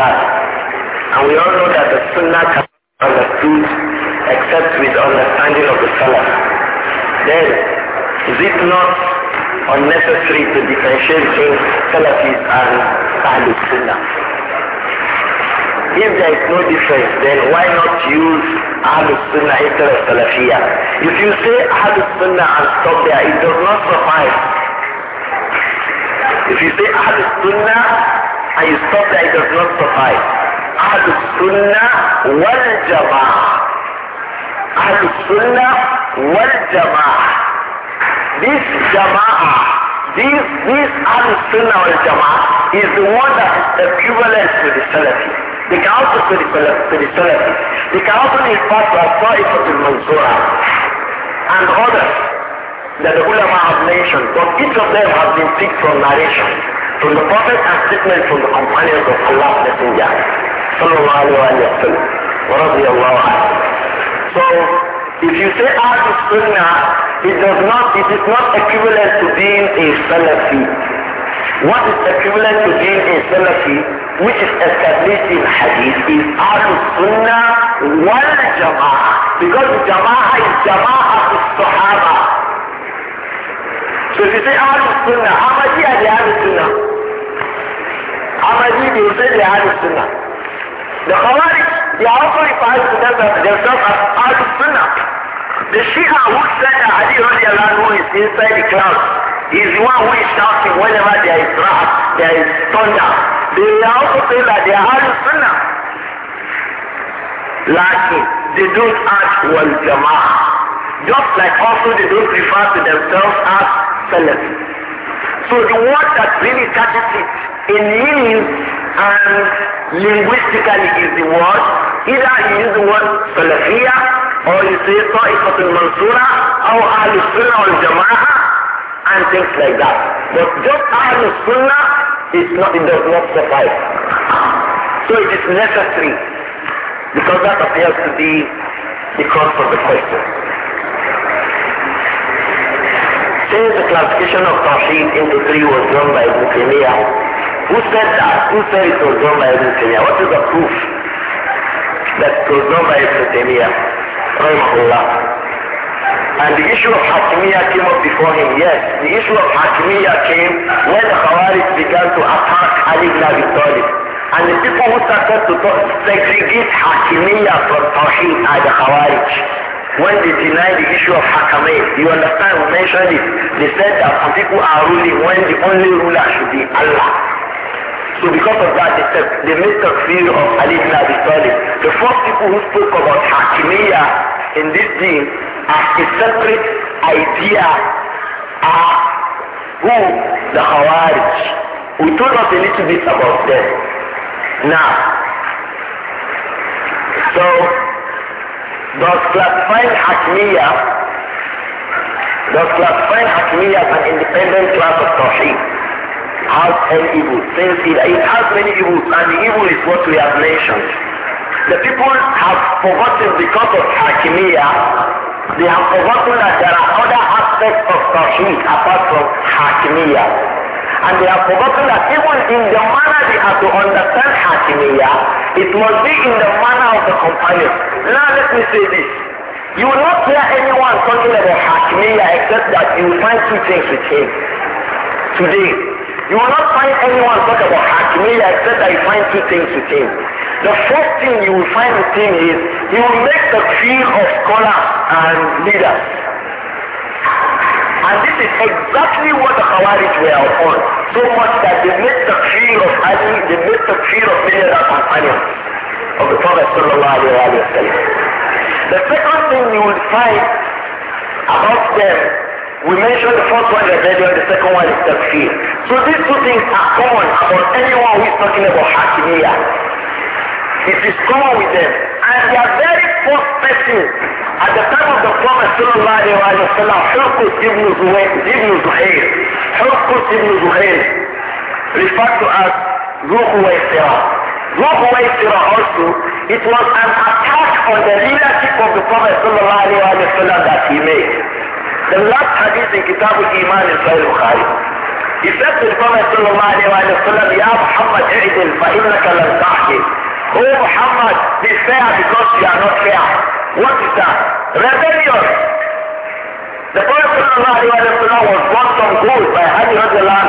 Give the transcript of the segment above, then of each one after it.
that. And we all know that the Sunnah can be understood except with the understanding of the Salaf. Then, is it not unnecessary to differentiate between Salafis and Ahlul Sunnah? If there is no difference, then why not use Ahlul Sunnah instead of Salafiyah? If you say Ahlul Sunnah and stop there, it does not suffice. If you say Ahlul Sunnah and you stop there, it does not suffice. Ahl Sunnah wal Jama'ah. Ahl Sunnah wal Jama'ah. This Jama'ah, this, this Ahl Sunnah wal Jama'ah is the one that is equivalent to the Salafi. They can also to the, to the Salafi. They can also be part of Ta'ifatul Manzura and others that the ulama have mentioned, but each of them has been picked from narration. to the Prophet as statement from the companions of Allah Messenger, sallallahu alayhi wa sallam, رضي الله عنه. So, if you say Ahl Sunnah, it does not, it is not equivalent to being a Salafi. What is equivalent to being a Salafi, which is established in Hadith, is Ahl Sunnah wal Jama'ah. Because Jama'ah is Jama'ah of Sahaba. So if you say Ahl Sunnah, how much are the Ahl Sunnah? Ahmadi bin Zayd the Ahlul Sunnah. The Khawarij, they are also referred to themselves as Ahlul Sunnah. The Shia who said that Ali radiallahu is inside the cloud is the one who is shouting whenever there is wrath, there is thunder. They are also saying that they are Ahlul Sunnah. Lacking, they don't act wal jama'ah. Just like also they don't refer to themselves as Salaf. So the word that really catches it In means and linguistically is the word. Either you use the word Salafiyya or you say Ta'ifatul Mansura or Ahl Sunnah or Jama'ah and things like that. But just Ahl Sunnah is not, it does not suffice. So it is necessary because that appears to be the cause of the question. Since the classification of Tawheed into three was done by Ibn Who said that? Who said it was done by Ibn Taymiyyah? What is the proof that it was done by Ibn Taymiyyah? And the issue of Hakimiyah came up before him. Yes, the issue of Hakimiyah came when the Khawarij began to attack Ali ibn Abi Talib. And the people who started to talk, segregate Hakimiyah from Tawheed are the Khawarij. When they deny the issue of Hakameh, you understand, we mentioned it. They said that some people are ruling when the only ruler should be Allah. So because of that, they, said, they made the fear of Ali ibn Abi Talib. The first people who spoke about Hakimiyya in this deen as a separate idea are who? The Khawarij. We told us a little bit about them. Now, so does classifying Hakimiyya does classifying Hakimiyya as an independent class of Tawheed Has ten evils? Ten seed. It has many evils, and the evil is what we have mentioned. The people have forgotten because of Hakimiyah. They have forgotten that there are other aspects of Tawheed apart from Hakimiyah. And they have forgotten that even in the manner they have to understand Hakimiyah, it must be in the manner of the companion. Now let me say this. You will not hear anyone talking about Hakimiyah except that you find two things with him. Today, You will not find anyone talk about Hakimiyya except that you find two things with him. The first thing you will find with him is he will make the field of scholars and leaders. And this is exactly what the Khawarij were upon. So much that they made the field of Ali, they made the field of many other companions of the Prophet Sallallahu Alaihi Wasallam. The second thing you will find about them We mentioned the first one is identity and the second one is takfir. So these two things are common about anyone who is talking about hakimiyah. It is common with them. And they are very first person at the time of the Prophet sallallahu alayhi wa sallam, Hulkus ibn Zuhair, Hulkus ibn Zuhair, referred to as Ruhu wa Isra. Ruhu wa Isra also, it was an attack on the leadership of the Prophet sallallahu alayhi wa sallam that he made. The last hadith in Kitab al-Iman in Sahih Bukhari. He said to the Prophet sallallahu alayhi wa sallam, Ya Muhammad, i'dil fa'innaka lam tahkim. Oh Muhammad, be fair because you are not fair. What is that? Rebellion. The Prophet sallallahu alayhi wa sallam was bought some gold by Hadi Rajalan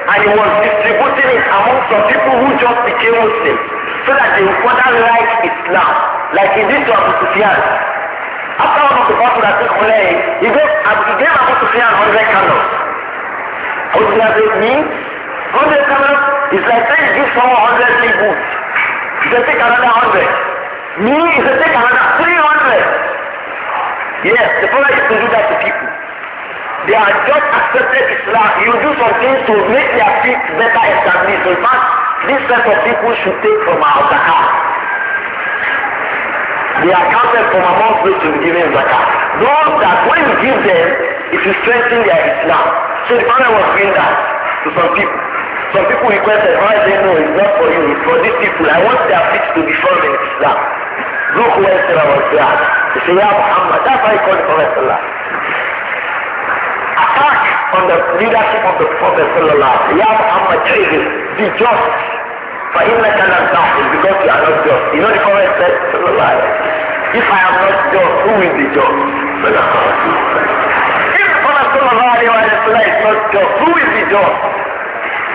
and he was distributing it among some people who just became Muslims so that they would further like Islam, like he did to Abu Sufyan. After one of the people that took Hulay, he gave, he gave Abu Sufyan 100 camels. Abu Sufyan said, me? 100 camels is like saying give someone 100 big boots. He said, take another 100. Me? He said, take another 300. Yes, the Prophet used to do that to people. They are just accepted Islam. You do something to make their feet better established. In fact, this set of people should take from our zakat. They are counted from amongst those who give given zakah. Those that when you give them, it will strengthen their Islam. So the Prophet was doing that to some people. Some people requested, why they know it's not for you, it's for these people. I want their feet to be firm in Islam. Look where Sarah was there. He said, Ya Muhammad, that's why he called the Prophet Allah. Attack on the leadership of the Prophet Sallallahu Ya Muhammad, Jesus, be just. فإنك لم تعقل because you are not just. You know the Prophet said, Sallallahu If I am not just, who will be just? Sallallahu Alaihi the If Prophet Sallallahu Alaihi Wasallam it's not just, who will be just?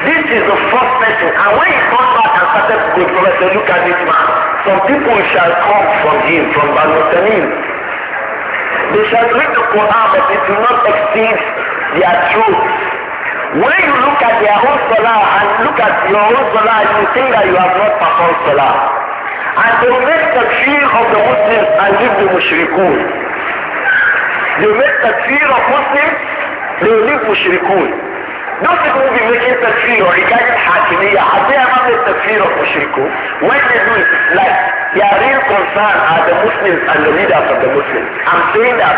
This is the first person. And when he comes back and started to go, Prophet said, look at this man. Some people shall come from him, from Banu Tamim. They shall read the Quran, but they do not exceed their truth. When you look at their own salah and look at your own salah, you think that you have not performed salah. And they make the fear of the Muslims and leave the mushrikun. They make the fear of Muslims, they leave mushrikun. Those people will be making the fear regarding Hakimiyah. Have they ever made the fear of mushrikun? When they do it, it's like their real concern are the Muslims and the leaders of the Muslims. I'm saying that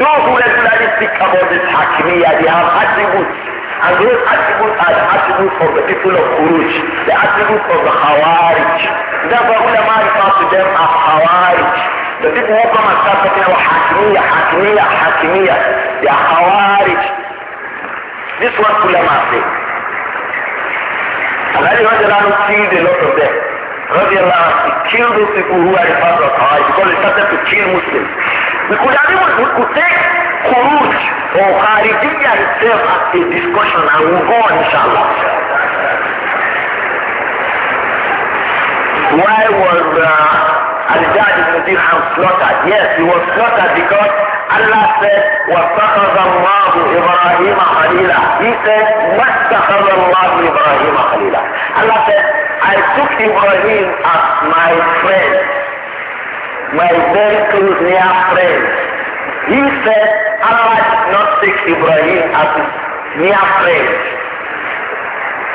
those who regularly speak about this hakimiya, they have attributes And those attributes are the attributes of the people of Kuruj, the attributes of the Khawarij. That's why ulama refer to them as Khawarij. The people who come and start talking about Hakimiyya, Hakimiyya, Hakimiyya, they are Khawarij. This is what ulama say. heard Ali Rajalanu killed a lot of them. Rajalanu, he killed those people who are the part of Khawarij because they started to kill Muslims. We could have even, we could take Khuruj or Kharijiyya itself as a discussion and we'll go inshallah. Why was uh, Al-Jad ibn Dirham slaughtered? Yes, he was slaughtered because Allah said, وَاتَّخَذَ اللَّهُ إِبْرَاهِيمَ خَلِيلًا He said, وَاتَّخَذَ اللَّهُ إِبْرَاهِيمَ خَلِيلًا Allah said, I took Ibrahim as my friend, my very close near friend. He said, Allah did not take Ibrahim as his mere friend.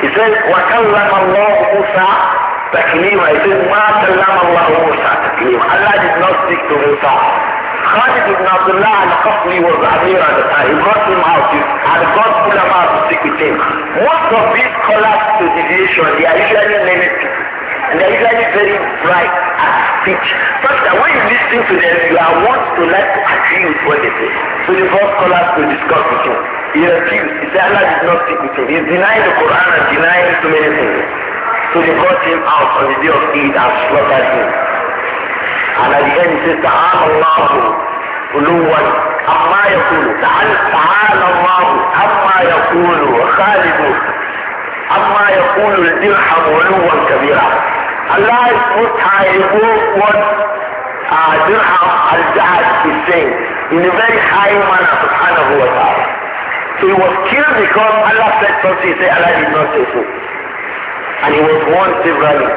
He said, وَكَلَّمَ اللَّهُ مُوسَى تَكْلِيمًا He said, مَا كَلَّمَ اللَّهُ مُوسَى تَكْليمًا Allah did not speak to Musa. Khalid ibn Abdullah al-Qasli was Amir at the time. He brought him out and God put him out to speak with him. Most of these scholars to deviation, they are usually learned people. And they are usually very bright at speech. First, when you listen to them, you are want to like to agree with what they say. scholars to discuss with him. He refused. He said Allah did not speak with him. He denied the Quran and denying so many things. So they brought him out on the day of Eid and slaughtered him. And at the end he says, Ta'ala تعالى الله علوا عما يقول تعالى الله عما يقول خالد عما Dirham, الدرهم علوا Kabira. Allah is most high he what uh, Dirham al-Jahad is saying. in a very high manner, subhanahu wa ta'ala. So he was killed because Allah said something, he said Allah did not say so. And he was warned severally.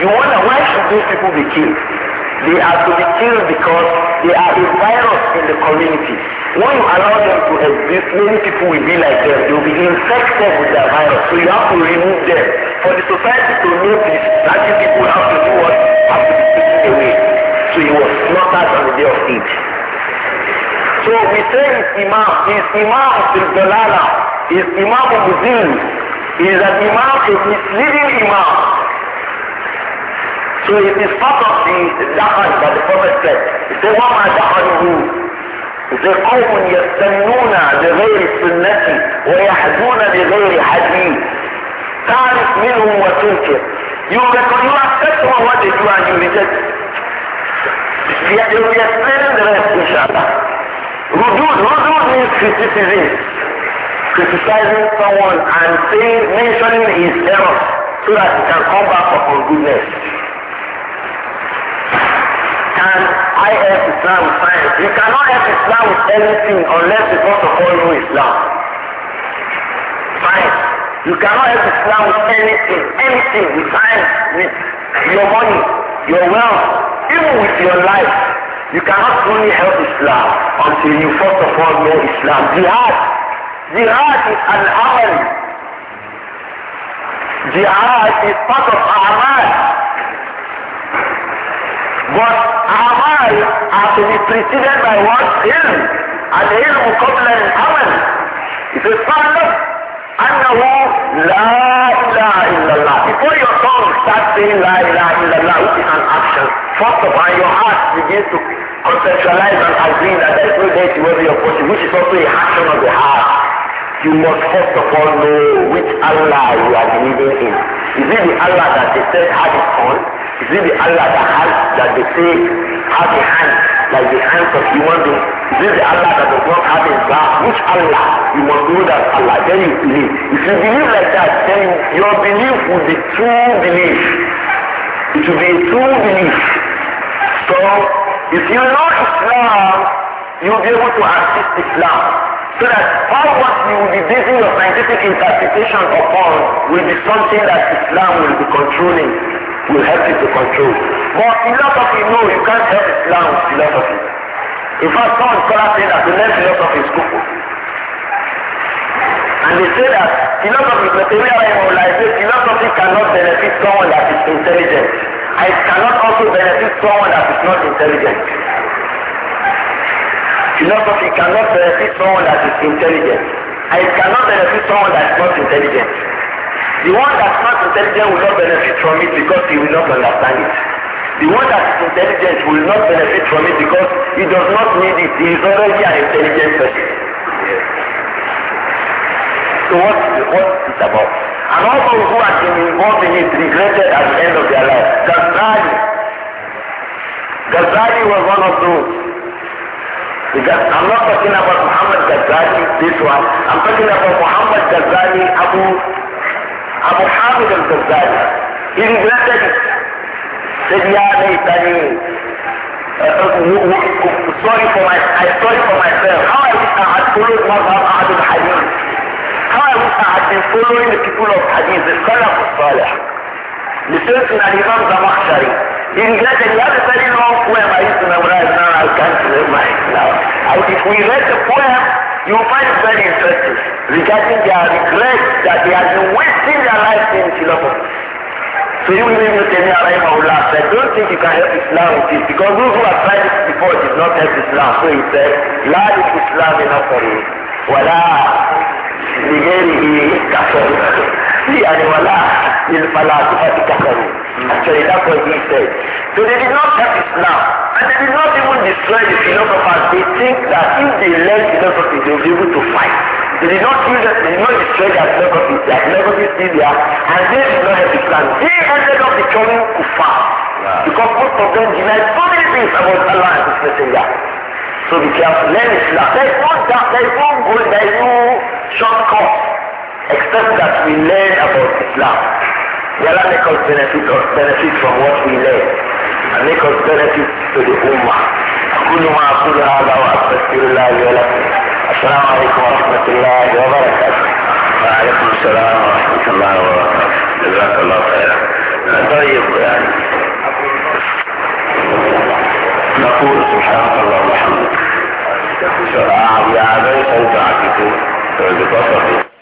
You wonder why should these people be killed? They are to be killed because they are a virus in the community. When you allow them to exist, many people will be like them. They will be infected with the virus. So you have to remove them. For the society to notice that these people have to do what? Have to be taken away. So he was slaughtered on the day of Eid. شعبتين امام امام في الدلالة امام مزين اذا امام is misleading imam so it is part of the dahan that the prophet said he said what my do? He said, قوم يستنون لغير سُنَّةِ ويحزون لغير حديث تعرف منهم وتنكر You recognize you accept what they do and you reject. They will be explaining the rest, inshallah. Rudud, rudud means criticism. Criticizing someone and saying, mentioning his error so that he can come back upon goodness. Can I help Islam with science? You cannot help Islam with anything unless you first of all know Islam. Science. You cannot help Islam with anything, anything, with science, with your money, your wealth, even with your life. You cannot truly help Islam until you first of all know Islam. Jihad. Jihad is an amal. Jihad is part of amal. But amal has to be preceded by what? Ilm. And ilm qabla in amal It is part annahu la ilaha Before your tongue starts saying la ilaha illallah, which is an action, first of all, your heart begins to conceptualize and agree that there is no deity worthy of worship, which is also a action of the heart. You must first of all know which Allah you are believing in. Is it the Allah that they said had his horn? Is it the Allah that has that they say has a hand, like the hands of human beings? Is it the Allah that the acknowledge Allah, you must know that Allah, then you believe. If you believe like that, then your belief will be true belief. It will be true belief. So, if you know Islam, you will be able to assist Islam. So that all what you will be basing your scientific interpretation upon will be something that Islam will be controlling, will help you to control. But philosophy, no, you can't help Islam with philosophy. In fact, some scholars say that the name philosophy is Kuku. And they say that philosophy, material immoralization, philosophy cannot benefit someone that is intelligent. And it cannot also benefit someone that is not intelligent. Philosophy cannot benefit someone that is intelligent. And it cannot benefit someone that is not intelligent. The one that's not intelligent will not benefit from it because he will not understand it. The one that is intelligent will not benefit from it because he does not need it. He is already an intelligent person. Yes. So what is what is about? And all those who have been involved in it regretted at the end of their life. Ghazali. Ghazali was one of those. Because I'm not talking about Muhammad Ghazali, this one. I'm talking about Muhammad Ghazali, Abu Abu Hamid al-Ghazali. He regretted said, Ya Laitani, sorry for my, I sorry for myself. How I wish I had followed Mazhab Ahad al-Hadith. How I wish I had been following the people of Hadith, the scholar The al-Salih. Listen to Imam Zamakhshari. He regretted, he had a very long poem I used to memorize, now I can't memorize now. if we read the poem, you find it very interesting regarding their regret that they have been wasting their life in philosophy. So you will be able to tell me don't think you can help Islam with this because those who have tried this before did not help Islam. So he said, La Islam in Afari, Wala Ligerihi Kafir. Yani Wala Ilfalasifati Kafir. Actually, that's what he said. So they did not help Islam. And they did not even destroy the philosophers. They think that if they learn philosophy, they will be able to fight. They did not use that. they did not destroy their philosophy, their philosophy still there, and they did not help Islam. They ended up becoming kuffar. Because most of them deny so many things about Allah and His Messenger. So be careful. Learn Islam. There is no doubt, there is no goal, there is no shortcut. Except that we learn about Islam. May Allah make us benefit, us benefit from what we learn. And make us benefit to the Ummah. أقول ما أقول هذا وأستغفر الله لي ولكم. السلام عليكم ورحمة الله وبركاته. وعليكم السلام ورحمة الله وبركاته. جزاك الله خيرا. طيب يعني يقول سبحانك اللهم وبحمدك آه، يا عبيد انت عكتو بفضلك